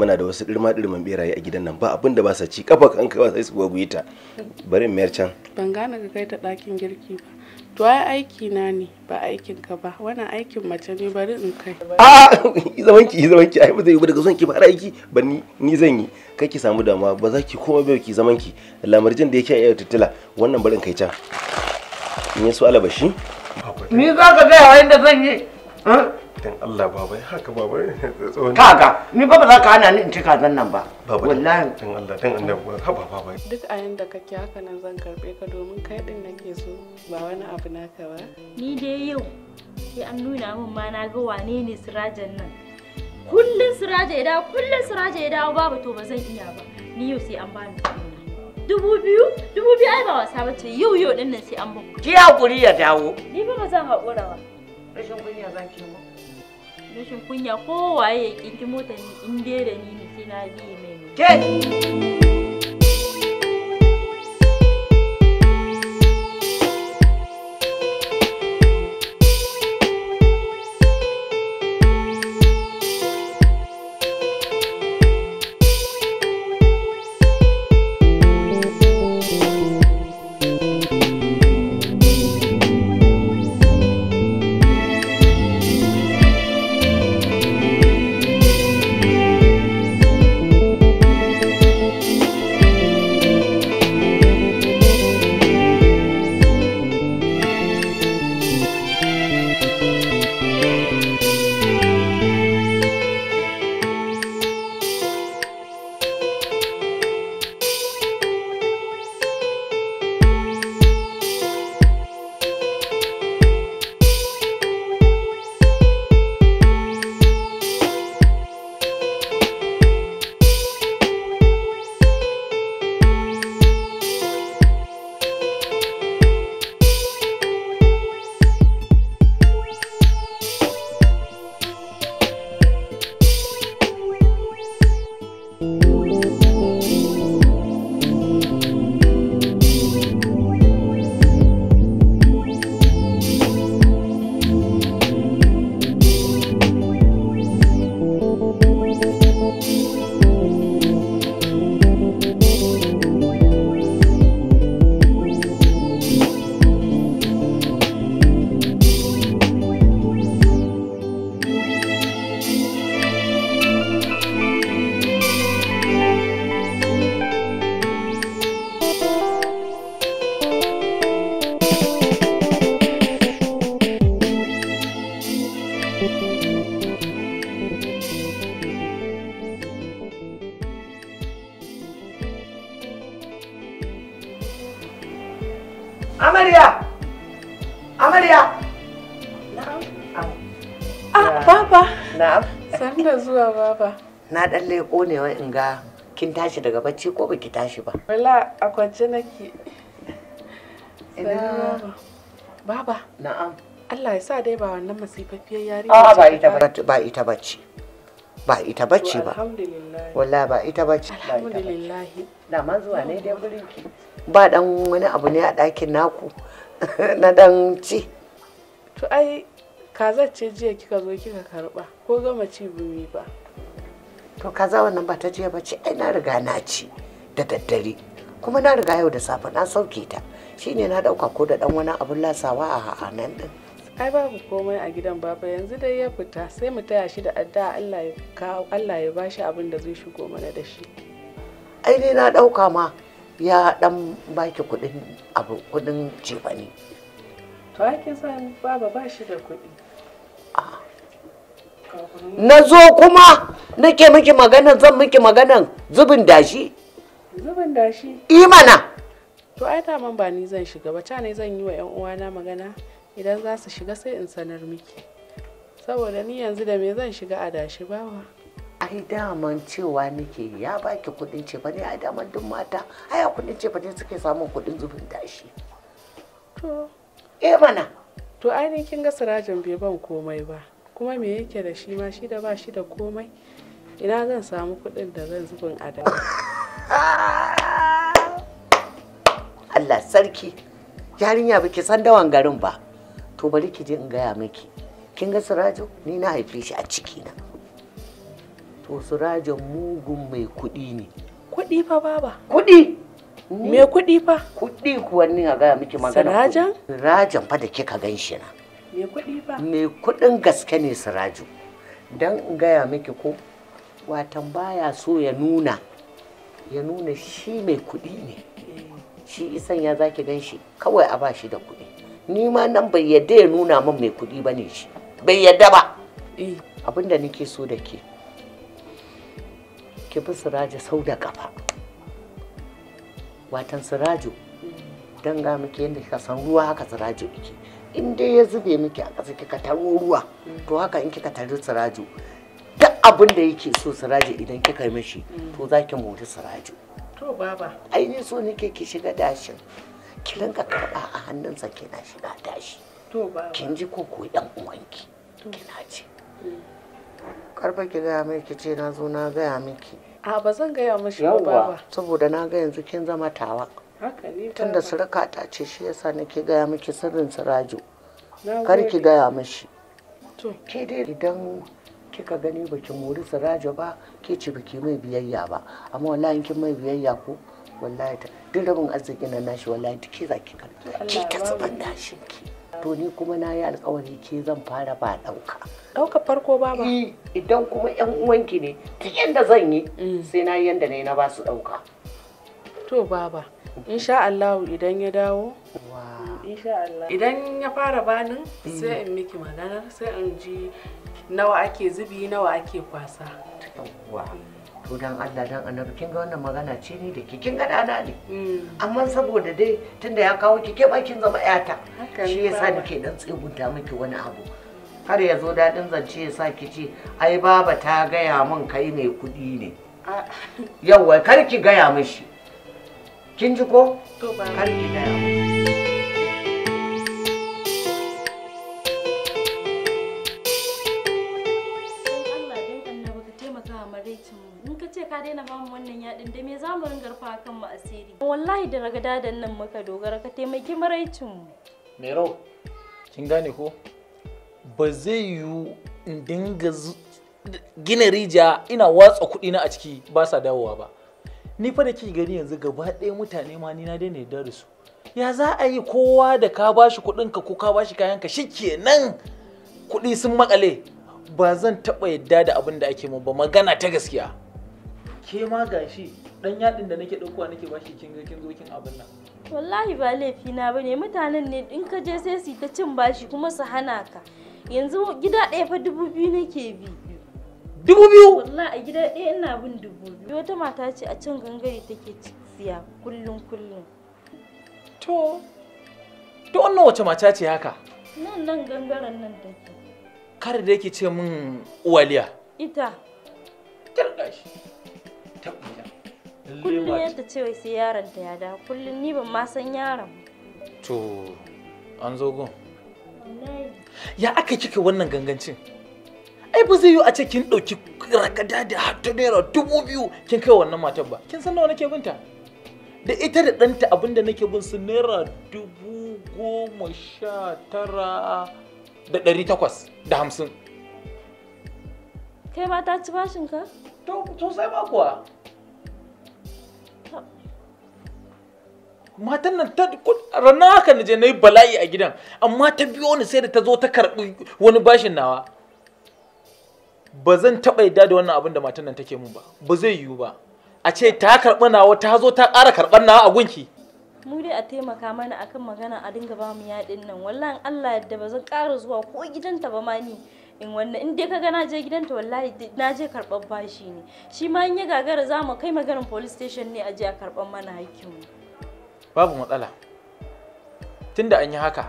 muna da wasu dirma dirman beraye a gidan nan ba abin da ba sa ci kafa kanka ba sai su gwagwaye ta bari in mayar can ban gane ka kai ta dakin girki ba to ai aiki na ne ba aikin ka ba wannan aikin mace ne bari in kai a zaman ki zaman ki ai ba zai yi daga son ki fara aiki ba ni ni zan yi kai ki samu damuwa ba za ki koma bai ki zaman ki lamarjin da yake a tattala wannan bari in kai can in yi so alabashi ni za ka ga yayin da zan yi dan Allah baba ya haka baba tsohon kaga ni baba za ka hana ni in ci kazan nan ba wallahi dan Allah dan Allah ba haba baba duk a yanda kake haka nan zan karbe ka domin kai din nake so ba wani abu ka ba ni dai yau sai an nuna min ma na ga wane ne sirajan nan kullun siraja ya dawo kullun siraja ya dawo babu to ba zan iya ba ni yau sai an bani dubu biyu dubu biyu ai ba wasa ce yau yau din nan sai an ba ki hakuri ya dawo ni ba ba zan hakura ba rashin kunya zan ki mu rashin kunya kowaye ya kinki mota ni in dai da ni ni sai na ji mai ke Thank you. Amarya! Ah, baba. Na'am. zuwa baba. Na ɗan leko ne in ga kin tashi daga bacci ko baki tashi ba. Wala a kwance nake. Ina baba. Na'am. Allah ya sa dai ba wannan masifafiyar yarinya. Ah ba ita ba ba ita bace ba wallahi ba ita bace alhamdulillah dama zuwa ne dai ba dan wani abu ne a ɗakin naku na dan ci to ai kaza ce jiya kika zo kika karba ko gama ci bumi ba to kaza wannan ba ta jiya ce ai na riga na ci da daddare kuma na riga yau da safe na sauke ta shine na dauka ko da dan wani abun lasawa a nan din ai babu komai a gidan baba yanzu dai ya fita sai mu taya shi da adda, Allah ya ba Allah ya abin da zai shigo mana da shi ai dai na dauka ma ya dan baki kudin abu kudin cefane to ai kin san baba ba shi da kudi ah. na zo kuma nake miki magana zan miki maganan zubin dashi zubin dashi imana to ai ta man ba ni zan shiga ba ta ne zan yi wa yan uwana magana idan za su shiga sai in sanar miki saboda ni yanzu da me zan shiga adashi bawa ai daman cewa nake ya baki kudin ce bane ai daman duk mata ai kudin ce bane suke samun kudin zubin dashi to eh mana to ai ni kin ga sirajin bai ban komai ba kuma me yake da shi ma shi da ba shi da komai ina zan samu kudin da zan zubin adashi Allah sarki yarinya baki san dawan garin ba to bari ki je in gaya miki kin ga surajo ni na haife shi a ciki na to surajo mugun mai kuɗi ne kuɗi fa baba kuɗi me kuɗi fa kuɗi kuwa ni a gaya miki magana sirajan sirajan fa da kika gan shi na me kuɗi fa me kuɗin gaske ne surajo dan in gaya miki ko watan baya so ya nuna ya nuna shi mai kuɗi ne eh. shi isan ya zaki gan shi kawai a ba shi da kuɗi ni ma nan bai yadda ya nuna min mai kuɗi ba ne shi bai yadda ba eh. abin da nake so da ke ki bi sirajo sau da kafa watan sirajo don ga miki yadda kika san ruwa haka sirajo yake in dai ya zube miki a ƙasa kika taro ruwa to haka in kika tari siraju duk abin yake so sirajo idan kika mishi to za ki mori sirajo to baba ai ni so nake ki shiga dashin ki rinka karɓa a hannunsa kina shiga tashi kin ji ko ko dan uwanki kina ce mm. karfa ki gaya miki ce na zo na gaya miki a ba zan gaya mishi ba ba saboda na ga yanzu kin zama tawa tunda suraka ta ce shi yasa nake gaya miki sirrin sirajo kar ki gaya mishi ke dai idan kika gani baki mori sirajo ba ke ci biki mai biyayya ba amma wallahi kin mai biyayya ko wallahi ta duk rabin arziki na nashi wallahi duk ke zaki kan ki ta zuban dashin ki to ni kuma na yi alkawari ke zan fara ba ɗauka. Ɗauka farko ba ba? Eh, idan kuma ‘yan uwanki ne, ki yadda zan yi mm. sai na yadda ne na ba su ɗauka. To baba, insha Allah idan ya dawo? Idan ya fara banin mm. sai in miki maganar sai in ji nawa ake zubi nawa ake kwasa. to Allah dan annabi kin ga wannan magana ce ni da ke, kin ga dana ne mm. amma saboda dai tunda ya kawo ki ke bakin zama yata shi yasa nake dan tsegunta miki wani abu har ya zo dadin zance ya sa ki ce ai baba ta gaya min kai ne kuɗi ne yauwa kar ki gaya mishi kin ji ko kar ki gaya mishi in ka ce ka daina bamu wannan yadin da me za mu ringa rufa kan mu asiri wallahi da raga dadan nan muka dogara ka taimaki maraicin mu mero kin gane ko ba zai yiwu in dinga gina rija ina watsa kuɗi na a ciki ba sa dawowa ba ni fa da ke gani yanzu gaba ɗaya mutane ma ni na daina yarda da su ya za a yi kowa da ka bashi kuɗinka ko ka bashi kayanka shikenan kuɗi sun makale ba zan taɓa yadda da abin da ake mun ba magana ta gaskiya ke ma gashi dan yadin da nake dauko nake bashi kin ga kin zo kin abin nan wallahi ba laifi na bane mutanen ne in ka je sai su ta cin bashi kuma su hana ka yanzu gida ɗaya fa dubu biyu nake bi dubu biyu wallahi a gida ɗaya ina bin dubu biyu wata mata ce a cin gangare take ci siya kullum kullum to to wannan wace mata ce haka nan nan gangaren nan take kar da yake ce min uwaliya ita kar gashi ita ita kullum yadda ce sai yaron ta ya dawo kullum ni ban ma san yaron to an zo gun ya aka kika wannan gangancin ai ba zai yiwu a ce kin ɗauki rakada da hatta naira dubu biyu kin kai wannan matar ba kin san nawa nake binta da ita da ɗanta abinda nake bin su naira dubu goma sha tara da ɗari takwas da hamsin kai ma ta ci bashin ka matan nan ta rana haka na je na yi bala'i a gidan amma ta biyo ni sai da ta zo ta karɓi wani bashin nawa ba zan taɓa yadda da wannan abin da matan nan take mun ba ba zai yiwu ba a ce ta karɓi nawa ta zo ta ƙara karɓar nawa a gunki mu dai a taimaka mana akan magana a dinga ba mu yaɗin nan wallahi Allah yadda ba zan ƙara zuwa ko gidanta ba ma ni in wannan in dai kaga na je gidanta wallahi na je karban bashi ne shi ma in ya gagara za mu kai maganin police station ne a je a karban mana hakkin mu babu matsala tunda an yi haka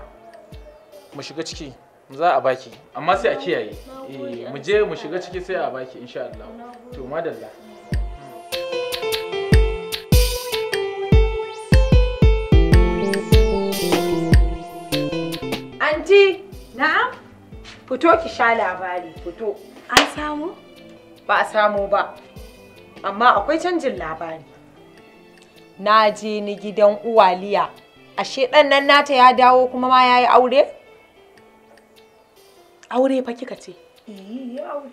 mu shiga ciki za a baki amma sai a kiyaye eh, mu je mu shiga ciki sai a baki insha Allah to madalla anti na'am Fito ki sha labari, fito. An samu? Ba a samu ba. Amma akwai canjin labari. Na je ni gidan uwaliya. Ashe ɗan nan nata ya dawo kuma ma ya yi aure? Aure fa kika ce? Eh, ya yi aure.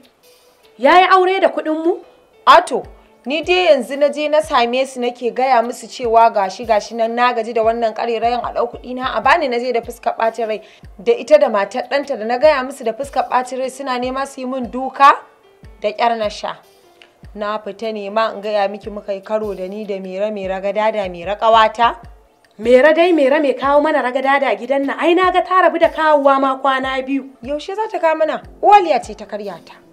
Ya yi aure da kuɗin mu? Ato, ni dai yanzu na je na same su nake gaya musu cewa gashi gashi nan na gaji da wannan karerayen a ɗau kuɗi a bani na je da fuskar ɓacin rai da ita da matar ɗanta da na gaya musu da fuskar ɓacin rai suna nema su yi min duka da kyar na sha na fita nema in gaya miki muka yi karo da ni da mera mera gada da mera ƙawata mera dai mera mai kawo mana ragada da gidan nan ai na ga ta rabu da kawowa ma kwana biyu yaushe za ta kawo mana uwaliya ce ta karyata.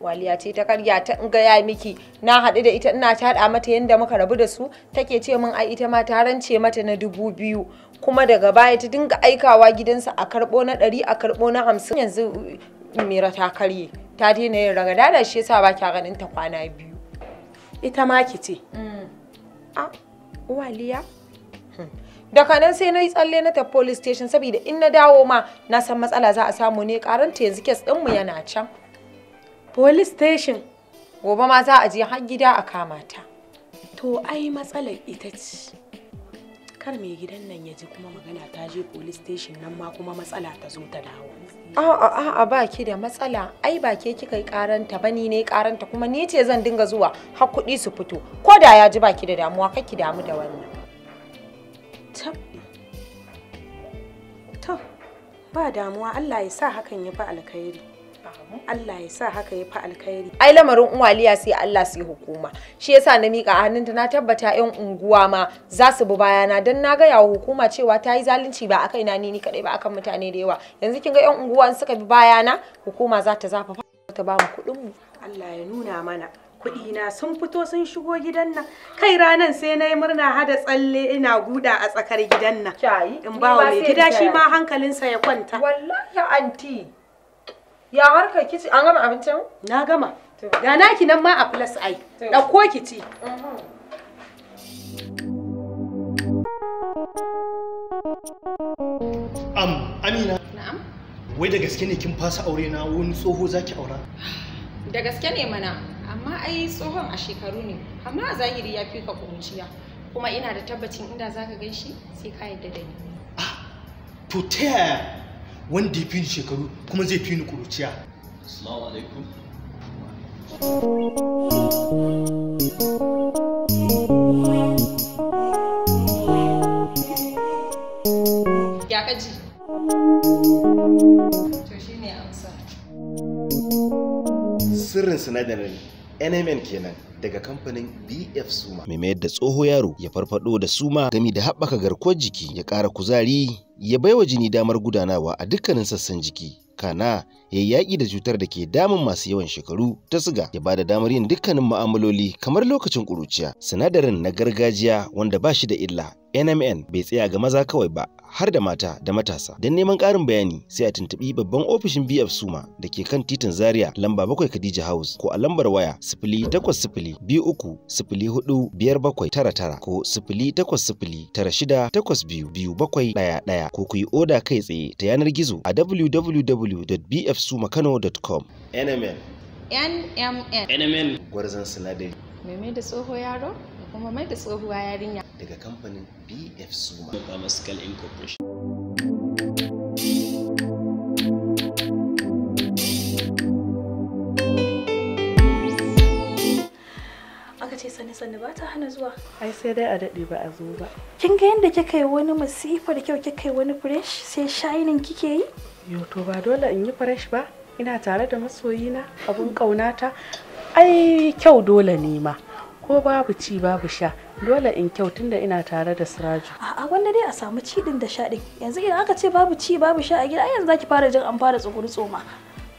waliya ce ta karya ta gaya miki na haɗu da ita ina ta taɗa mata yadda muka rabu da su take ce min ai ita ma ta rance mata na dubu biyu kuma daga baya ta dinga aikawa gidansa a karɓo na ɗari a karɓo na hamsin yanzu uh, mira ta karye ta daina yin ragada da shi yasa ba kya ganin ta kwana biyu ita ma ki ce mm. a waliya hmm. daga nan sai na yi tsalle na tafi police station saboda in na dawo ma na san matsala za a samu ne karanta yanzu kes ɗinmu yana can police station gobe ma za a je har gida a kama ta to ai matsalar ita ce kar mai gidan nan ya ji kuma magana ta je police station nan ma kuma matsala ta zo ta dawo a'a a'a ba ki da matsala ai ba ke kika yi karanta ba ni ne karanta kuma ni ce zan dinga zuwa har kuɗi su fito ko da ya ji ba ki da damuwa kar ki damu da wannan to ba damuwa Allah ya sa hakan ya fi alkhairi Allah ya sa haka ya fi alkhairi ai lamarin uwaliya sai Allah sai hukuma shi yasa na mika a hannunta na tabbata yan unguwa ma za su bi bayana dan na gaya wa hukuma cewa ta yi zalunci ba akai na ni ni kadai ba akan mutane da yawa yanzu kin ga yan unguwa suka bi bayana hukuma za ta zafa ta ba mu kuɗin mu Allah ya nuna mana na sun fito sun shigo gidan nan kai ranan sai na yi murna hada tsalle ina guda a tsakar gidan nan in ba wa mai gida shi ma hankalinsa ya kwanta wallahi anti Ya harka kici an gama abincin? Na gama. Ga naki nan ma a plus ai. Ɗauko ki ci. Mhm. Am Amina. Na'am. Wai da gaske ne kin fasa aure na wani tsoho zaki aura? Da gaske ne mana, amma ai tsohon a shekaru ne, amma a zahiri ya fi ka kuruciya. Kuma ina da tabbacin inda zaka gan shi sai ka yadda da ni. Ah, to ta yaya wanda ya fi ni shekaru kuma zai fi ni kuruciya alaikum sirrin sinadarin NMN kenan daga kamfanin BF Suma. Mai mayar da tsoho yaro ya farfado da suma gami da haɓaka garkuwar jiki ya ƙara kuzari ya baiwa jini damar gudanawa a dukkanin sassan jiki kana ya yaƙi da cutar da ke damun masu yawan shekaru ta siga ya ba da damar yin dukkanin ma'amaloli kamar lokacin ƙuruciya sinadarin na gargajiya wanda ba shi da illa NMN bai tsaya ga maza kawai ba har da mata da matasa. Don neman ƙarin bayani sai a tuntuɓi babban ofishin BF Suma da ke kan titin Zaria lamba bakwai Khadija House ko a lambar waya sifili takwas biyu uku ko sifili ko ku yi oda kai tsaye ta yanar gizo a www.bfsumakano.com. NMN. NMN. NMN. Gwarzan sinadari. Meme da tsoho yaro? kuma mai da tsohuwa yarinya daga kamfanin bf suma pharmaceutical incorporation ce sani-sani ba ta hana zuwa. Ai sai dai a daɗe ba a zo ba. Kin ga yadda kika yi wani masifa kyau kika yi wani fresh sai shining kike yi? Yo to ba dole in yi fresh ba. Ina tare da masoyina abin ƙaunata. Ai kyau dole ne ma. ko babu ci babu sha dole in kyau tunda ina tare da siraju a wanda dai a samu ci din da sha din yanzu idan aka ce babu ci babu sha a gida ai yanzu zaki fara jin an fara tsuguri tsoma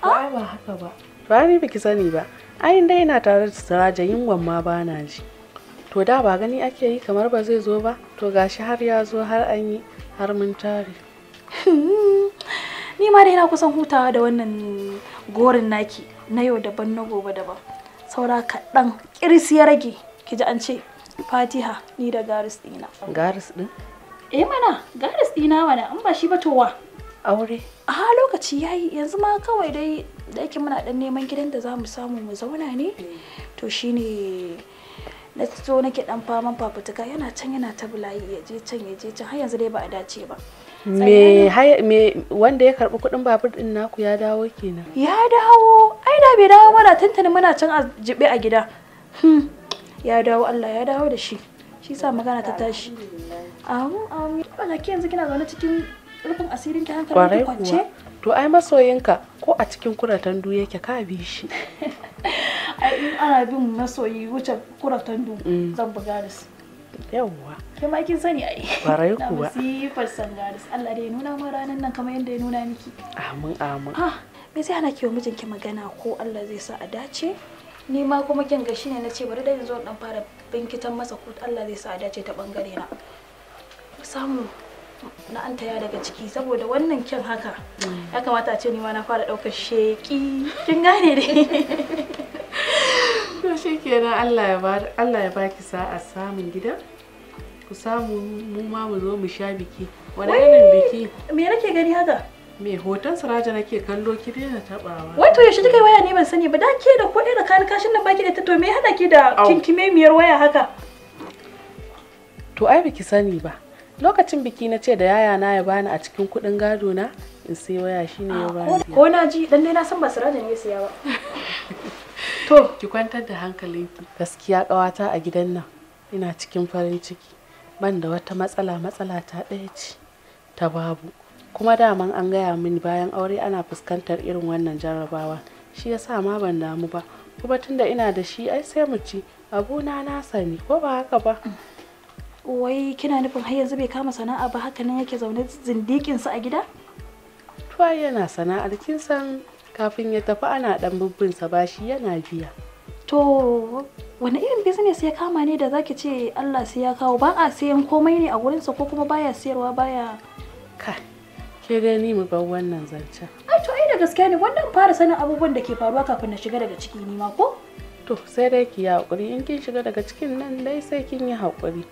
ba ba haka ba ba ni biki sani ba ai dai ina tare da siraja yin ma ba na ji to da ba gani ake yi kamar ba zai zo ba to gashi har ya zo har an yi har mun tare ni ma dai yana kusan hutawa da wannan gorin naki na yau daban na gobe daban saura kaɗan ƙiris ya rage ki ji an ce fatiha ni da garis dina. garis din eh mana garis dina mana in ba shi ba towa aure a lokaci yayi yanzu ma kawai dai da yake muna ɗan neman gidan da za mu samu mu zauna ne mm. to shine na so nake ɗan faman fafutuka yana can yana ta bulayi ya je can ya can har yanzu dai ba a dace ba me wanda ya karbi kudin babur din naku ya dawo kenan ya dawo ai da bai dawo mana tuntuni muna can a jibe a gida hmm, ya dawo Allah ya dawo da shi shi sa magana ta tashi amin amin bana ke yanzu kina zaune cikin rufin asirin ki hankali ki kwance to ai masoyinka ko a cikin kuratan du yake ka bi shi ai in ana bin masoyi wuce kuratan du mm. zan buga da su yawwa ke ma kin sani ai kwarai kuwa sifar sangaris Allah da ya nuna ma ranan nan kamar yadda ya nuna miki amin amin ah me sai ana kiwa mijinki magana ko Allah zai sa a dace ni ma kuma kin ne na ce bari da yanzu dan fara binkitan masa ko Allah zai sa a dace ta bangare na samu na an taya daga ciki saboda wannan kyan haka mm. ya kamata a ce ni ma na fara daukar sheki kin gane dai shi kenan Allah ya baki sa'a samun gida ku samu mu ma mu zo mu sha biki wani irin biki me nake gani haka me hoton siraja nake kallo ki daina tabawa wai to yaushe kai waya ne ban sani ba da ke da ko da kan kashin nan baki da ta to me hada ki da kinkime miyar waya haka to ai biki sani ba lokacin biki na ce da yaya na ya bani a cikin kudin gado na in sai waya shine ya ah, bani ko na ji dan dai na san ba siraja ne ya siya ba To, ki kwantar da hankalinki. Gaskiya ƙawata a gidan nan ina cikin farin ciki. Ban da wata matsala matsala ta ɗaya ce ta babu. Kuma daman an gaya mini bayan aure ana fuskantar irin wannan jarrabawa. Shi yasa ma ban damu ba. Kuma tunda ina da shi ai sai mu ci. Abuna na sani ko ba haka ba. Wai kina nufin har yanzu bai kama sana'a ba haka nan yake zaune zindikinsa a gida? To yana sana'ar kin san kafin ya tafi ana dan ba bashi yana biya to wani irin business ya kama ne da zaki ce Allah sai ya kawo ba a sayan komai ne a gurinsa ko kuma baya sayarwa baya ka ke gani mu bar wannan zancen ai to ai da gaskiya ne wannan fara sanin abubuwan da ke faruwa kafin na shiga daga ciki ni ma ko to sai dai ki yi hakuri in kin shiga daga cikin nan dai sai kin yi hakuri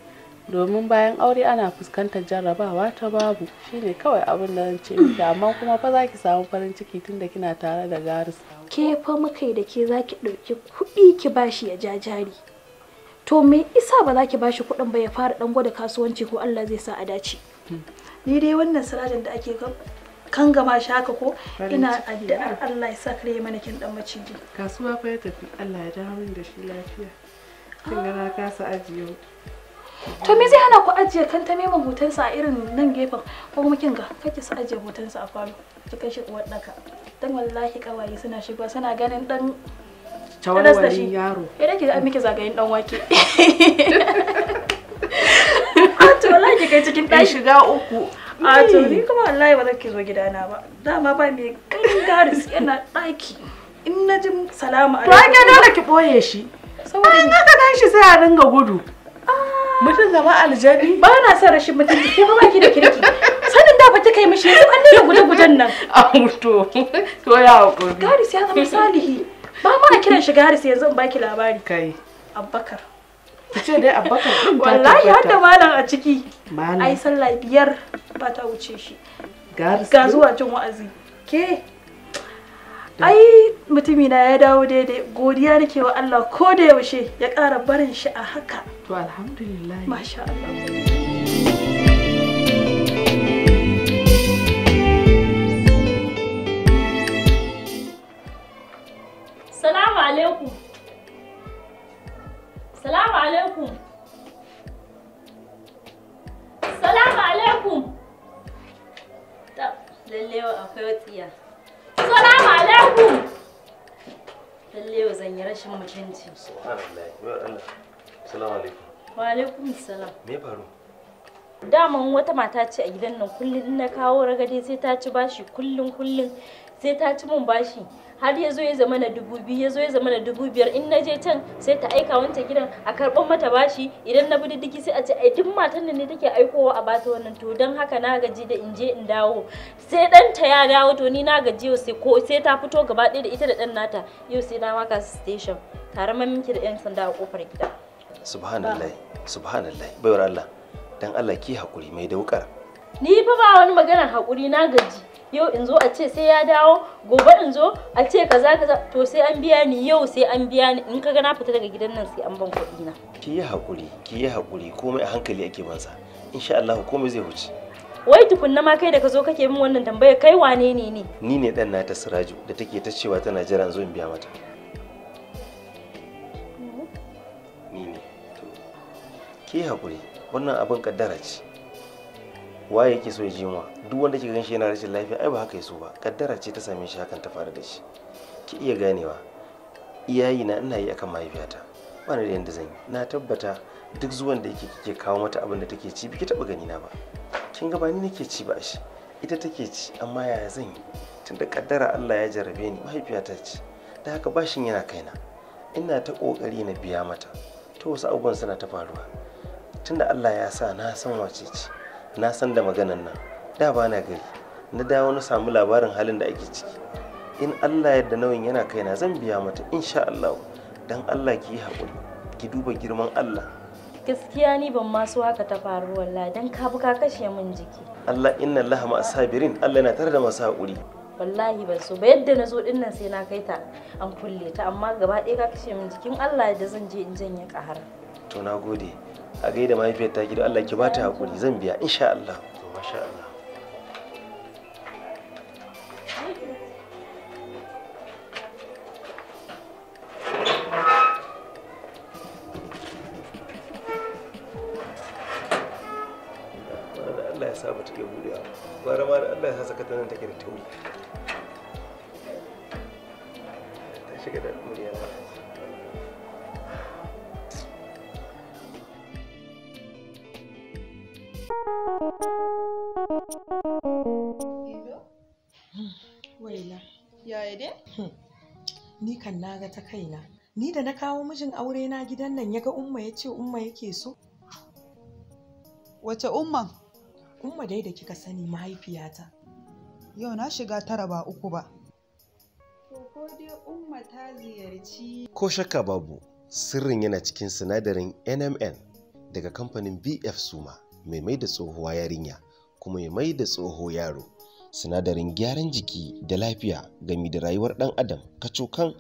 domin bayan aure ana fuskantar jarrabawa ta babu shine kawai abin da zan ce miki amma kuma fa za ki samu farin ciki tunda kina tare da garis ke fa muka da ke za ki ɗauki kuɗi ki bashi ya ja jari to me isa ba za ki bashi kuɗin ba ya fara ɗan gwada kasuwanci ko Allah zai sa a dace ni dai wannan sirajin da ake kan gama shaka ko ina addu'ar Allah ya sa kare mana kin dan maciji kasuwa fa ya tafi Allah ya dawo da shi lafiya kin ga na kasa ajiyo to me zai hana ku ajiye ta meman hotonsa a irin nan gefen ko kuma kin ga kake su ajiye hotonsa a falo ki kai shi uwar daka dan wallahi kawaye suna shigo suna ganin dan tawarwarin yaro ya dake a miki zagayin dan wake a ah, to wallahi kai cikin dan shiga uku a ah, to ni kuma wallahi ba zan ki zo gidana ba dama ba me kan garis yana daki in na ji salamu alaikum to ga dole ki boye shi saboda in ka gan shi sai a ringa gudu mutum zama aljani ba na son rashin mutunci ke ba ki da kirki sanin da ba ta kai mishi yanzu an nuna guje-gujen nan a mutu to ya hakuri garis ya zama salihi ba ma a kiran shi garis yanzu in baki labari kai abbakar ki ce dai abbakar ta wallahi har da malam a ciki ai sallah biyar ba ta wuce shi garis ga zuwa jin wa'azi ke ai mutumina ya dawo daidai godiya nake wa Allah ko da yaushe ya ƙara barin shi a haka to alhamdulillah Salamu alaikum. Salamu alaikum. Salamu alaikum. Salamu alaikum. Lallewa zan yi rashin mutunci. Subhanallah. Salamu alaikum. wata mata ce a gidan nan kullum na kawo ragade sai ta ci bashi kullum kullum sai ta ci mun bashi har ya zo ya zama na dubu biyu ya zo ya zama na dubu biyar in na je can sai ta aika wancan gidan a karɓar mata bashi idan na bi diddiki sai a ce ai duk matan nan ne take aikowa a bata wannan to don haka na gaji da in je in dawo sai ta ya dawo to ni na gaji sai ko sai ta fito gaba ɗaya da ita da ɗan nata yau sai na maka station tare maminki da 'yan sanda a kofar gida. subhanallah subhanallah baiwar Allah dan Allah ki hakuri mai daukar ni fa ba wani maganar hakuri na gaji yau in zo a ce sai ya dawo gobe in zo a ce kaza kaza to sai an biya ni yau sai an biya ni in kaga na fita daga gidan nan sai an ban kuɗi na ki yi hakuri ki yi hakuri komai a hankali ake bansa insha Allah komai zai wuce wai tukunna ma kai da ka zo kake min wannan tambaya kai wane ne ni ne dan nata Siraju da take ta cewa tana jira zo in biya mata ke hakuri, wannan abin kaddara ce waye yake so ya ji duk wanda kika ganshi yana rashin lafiya ai ba haka yaso ba kaddara ce ta same shi hakan ta faru da shi ki iya ganewa iyayi na ina yi akan mahaifiyata ba ni da yanda zan yi na tabbata duk zuwan da yake kike kawo mata abin da take ci biki taba gani na ba kin ga ba ni nake ci ba shi ita take ci amma yaya zan yi tunda kaddara Allah ya jarabe ni mahaifiyata ce da haka bashin yana kaina ina ta kokari na biya mata to wasu abubuwan suna ta faruwa tunda Allah ya sa na san wace ce na san da maganan nan da ba na gari na dawo na samu labarin halin da ake ciki in Allah yadda nauyin yana kaina zan biya mata insha Allah dan Allah ki yi haƙuri ki duba girman Allah gaskiya ni ban ma so haka ta faru wallahi dan ka buka kashe min jiki Allah inna Allah ma asabirin Allah yana tare da masu haƙuri wallahi ban so ba yadda nazo zo din nan sai na kai ta an kulle ta amma gaba ɗaya ka kashe min jikin Allah da zan je in janye ƙahar to na gode a gaida mahaifiyar ta gida Allah ki ba ta hakuri zan biya insha Allah masha Allah Allah ya sa ba ta iya buɗewa gwara ma da Allah ya sa ta nan take da tauri ta shiga da murya Hmm. Ni kan naga ta kaina. Ni da na kawo mijin aure na gidan nan ya ga umma ya ce umma yake so. Wace umman? Umma dai da kika sani mahaifiyata. Yau na shiga tara ba uku ba. ko dai umma ta ziyarci. Ko shakka babu, sirrin yana cikin sinadarin NMN daga kamfanin BF Suma. mai mai da tsohuwa yarinya kuma mai mai da tsoho yaro sinadarin gyaran jiki da lafiya gami da rayuwar ɗan adam kacokan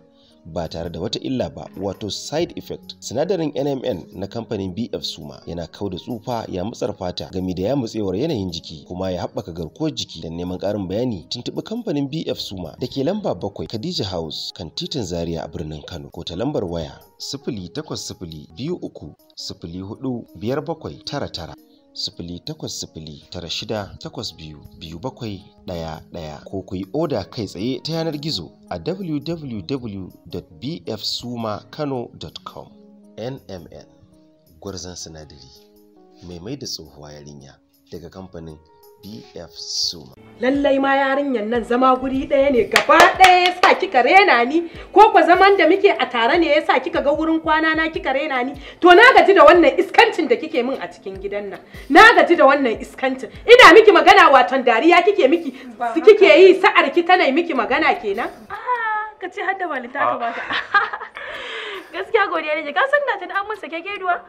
ba tare da wata illa ba wato side effect sinadarin nmn na kamfanin bf suma yana kau da tsufa ya matsar fata gami da ya mutsewar yanayin jiki kuma ya haɓaka garkuwar jiki da neman ƙarin bayani tuntuɓi kamfanin bf suma da ke lamba bakwai khadija house kan titin zaria a birnin kano ko ta lambar waya sifili takwas sifili biyu uku sifili hudu biyar bakwai tara tara sifili takwas sifili tara shida takwas biyu biyu bakwai ɗaya ɗaya ko kuyi oda kai tsaye ta yanar gizo a www.bfsumakano.com nmn gwarzon sinadari mai mai da tsohuwa yarinya daga kamfanin bf suma lallai ma yarinyar nan zama guri ɗaya ne gaba ɗaya ya sa kika rena ni ko ku zaman da muke a tare ne ya sa kika ga wurin kwana na kika rena ni to na gaji da wannan iskancin da kike min a cikin gidan nan na gaji da wannan iskancin ina miki magana waton dariya kike miki su kike yi sa'ar ki tana miki magana kenan ah, ka ce har da malinta ka baka gaskiya godiya ne ka san na tana an ke geduwa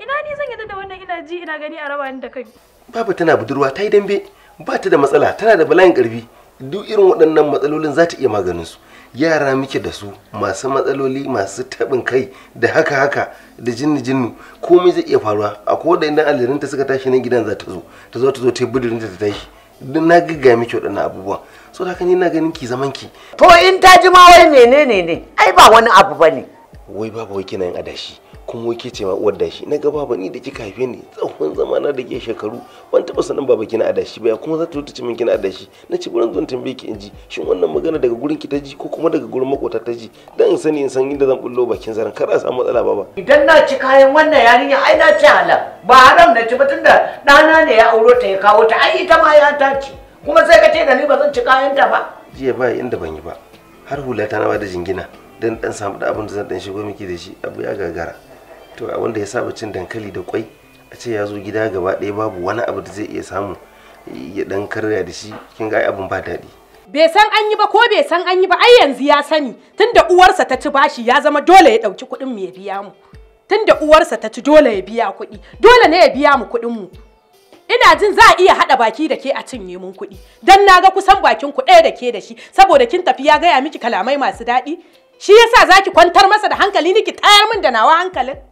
ina ni zan yi da wannan ina ji ina gani a rawa da kai babu tana budurwa ta yi dambe ba ta da matsala tana da bala'in karfi duk irin waɗannan matsalolin za ta iya maganin su yara muke da su masu matsaloli masu taɓin kai da haka haka da jinni jinnu komai zai iya faruwa a ko da idan aljaninta suka tashi nan gidan za ta zo ta zo ta zo ta yi budurinta ta tashi duk na gaggaya miki waɗannan abubuwan, so da haka ni na ganin ki zaman ki to in ta ji ma wai menene ne ai ba wani abu bane wai babu wai kina yin adashi kuma wai ke ce uwar dashi na ga ba ni da kika haife ni tsawon zamana da ke shekaru ban taba sanin baba kina adashi ba kuma za ta wuce min kina adashi na ci gurin zuwan tambaye ki in ji shin wannan magana daga gurin ki ta ji ko kuma daga gurin makota ta ji dan in sani in san inda zan bullo bakin zaran kar a samu matsala ba idan na ci kayan wannan yarinya ai na ci halal ba haram na ci ba tunda ɗana ne ya auro ta ya kawo ta ai ita ma ya ta ci kuma sai ka ce da ni ba zan ci kayan ta ba jiya ba inda ban yi ba har hula ta na ba da jingina dan dan samu da abin da zan dan shigo miki da shi abu ya gagara to a wanda ya saba cin dankali da kwai a ce ya zo gida gaba ɗaya babu wani abu da zai iya samu ya dan karya da shi kin ga abin ba daɗi bai san an yi ba ko bai san an yi ba ai yanzu ya sani tunda uwarsa ta ci bashi ya zama dole ya ɗauki kuɗin mu ya biya mu tunda uwarsa ta ci dole ya biya kuɗi dole ne ya biya mu kuɗin mu ina jin za a iya haɗa baki da ke a cinye mun kuɗi dan na ga kusan bakin ku ɗaya da ke da shi saboda kin tafi ya gaya miki kalamai masu daɗi shi yasa zaki kwantar masa da hankali ni ki tayar min da nawa hankalin